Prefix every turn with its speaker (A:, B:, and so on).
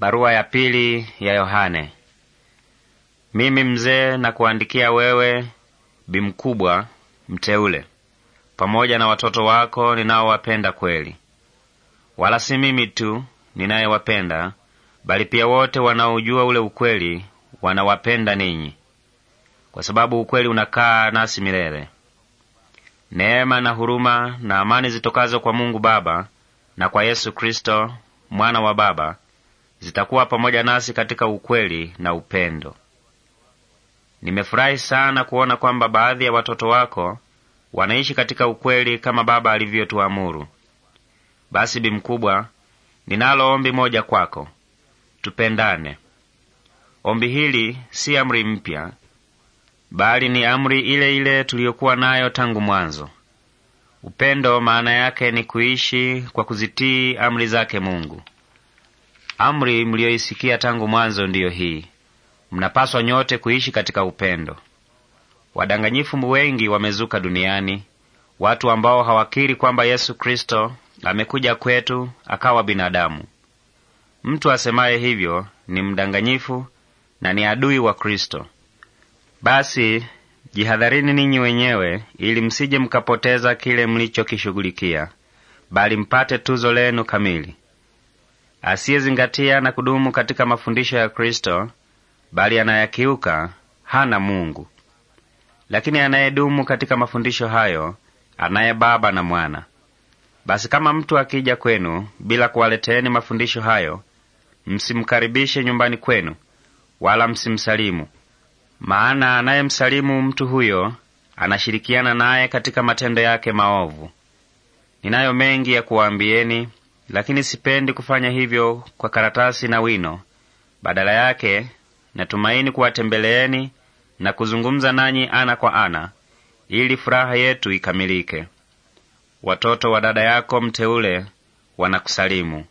A: Barua ya pili ya Yohane. Mimi mzee na kuandikia wewe bimkubwa mteule, pamoja na watoto wako ninaowapenda kweli. Wala si mimi tu ninayewapenda, bali pia wote wanaojua ule ukweli wanawapenda ninyi, kwa sababu ukweli unakaa nasi milele. Neema na huruma na amani zitokazo kwa Mungu Baba na kwa Yesu Kristo mwana wa Baba zitakuwa pamoja nasi katika ukweli na upendo. Nimefurahi sana kuona kwamba baadhi ya watoto wako wanaishi katika ukweli kama Baba alivyotuamuru. Basi bi mkubwa, ninalo ombi moja kwako, tupendane. Ombi hili si amri mpya, bali ni amri ile ile tuliyokuwa nayo tangu mwanzo. Upendo maana yake ni kuishi kwa kuzitii amri zake Mungu. Amri mliyoisikia tangu mwanzo ndiyo hii: mnapaswa nyote kuishi katika upendo. Wadanganyifu wengi wamezuka duniani, watu ambao hawakiri kwamba Yesu Kristo amekuja kwetu akawa binadamu. Mtu asemaye hivyo ni mdanganyifu na ni adui wa Kristo. Basi jihadharini ninyi wenyewe, ili msije mkapoteza kile mlichokishughulikia, bali mpate tuzo lenu kamili. Asiyezingatia na kudumu katika mafundisho ya Kristo, bali anayakiuka, hana Mungu. Lakini anayedumu katika mafundisho hayo, anaye Baba na Mwana. Basi kama mtu akija kwenu bila kuwaleteeni mafundisho hayo, msimkaribishe nyumbani kwenu, wala msimsalimu. Maana anayemsalimu mtu huyo anashirikiana naye katika matendo yake maovu. Ninayo mengi ya kuwaambieni, lakini sipendi kufanya hivyo kwa karatasi na wino. Badala yake natumaini kuwatembeleeni na kuzungumza nanyi ana kwa ana, ili furaha yetu ikamilike. Watoto wa dada yako mteule wanakusalimu.